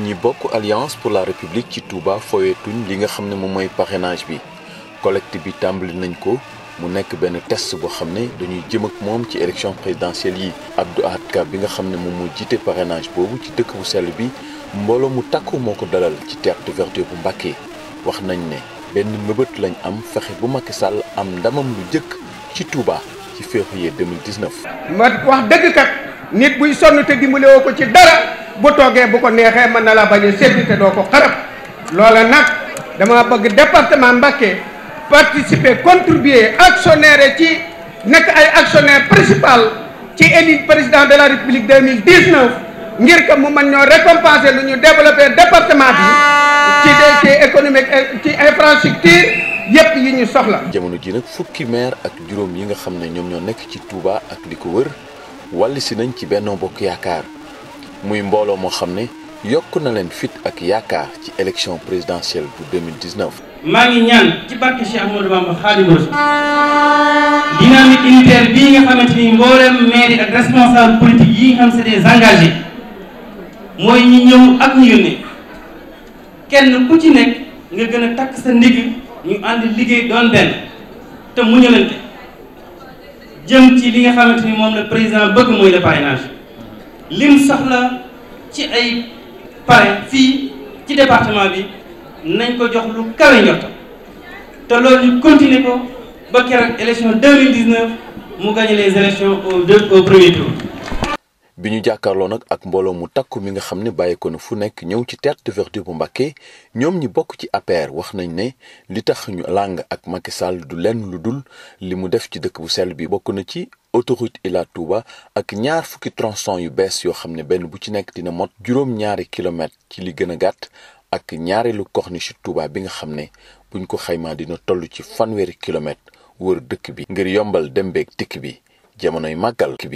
ñi bokk alliance pour la république ci Touba foyetuñ li nga xam ne moom mooy parrainage bi collecte bi tàmbali nañ ko mu nekk benn test boo xam ne dañuy jëm ak moom ci élection présidentielle yi Abdou Ahad bi nga xam ne moom moo jiite parrainage boobu ci dëkk bu sell bi mbooloo mu takku moo ko dalal ci théâtre de verdure bu Mbàkke wax nañ ne benn mëbët lañ am fexe bu Macky Sall am ndamam lu jëkk ci Touba ci février 2019. ma wax dëgg kat nit buy sonn te dimbale woo ko bu toogee bu ko neexee mën na la bañ a te doo ko xarab loola nag dama bëgg département Mbacké participer contribuer actionnaire ci nekk ay actionnaire principal ci élite président de la république ngir que mu mën ñoo récompenser lu ñu développer département bi ci ci économique ci infrastructure yëpp yi ñu soxla. jamono ji nag fukki maire ak juróom yi nga xam ne ñoom ñoo nekk ci Touba ak li ko wër wàll si nañ ci Benno Bokk Yaakaar. muy mbooloo moo xam ne yokk na leen fit ak yaakaar ci élection présidentielle bu 2019. maa ngi ñaan ci barke Cheikh Ahmadou Bamba Khadimu Rasul dynamique unitaire bii nga xamante ni mboolem maire ak responsable politique yi nga xam c'est des engagés mooy ñi ñëw ak ñu yónnee kenn ku ci nekk nga gën a takk sa ndigg ñu ànd liggéey doon benn te muñalante jëm ci li nga xamante ni moom la président bëgg mooy le parrainage lim soxla. ci ay parrain fii ci département bi nañ ko jox lu kawe njorta te loolu ñu continuer ko ba keroog élection mu gagné les au premier tour. bi ñu jàkkaarloo nag ak mbooloo mu takku mi nga xam ne bàyyi ko na fu nekk ñëw ci terre de verdure bu Mbacké ñoom ñi bokk ci APR wax nañ ne li tax ñu làng ak Macky du lenn lu dul li mu def ci dëkk bu sell bi bokk na ci autoroute Ila Touba ak ñaar fukki tronçon yu bees yoo xam ne benn bu ci nekk dina mot juróom-ñaari kilomètre ci li gën a gàtt ak ñaareelu corniche Touba bi nga xam ne buñ ko xaymaa dina toll ci fanweeri kilomètre wër dëkk bi ngir yombal dem beeg dikk bi jamonoy màggal bi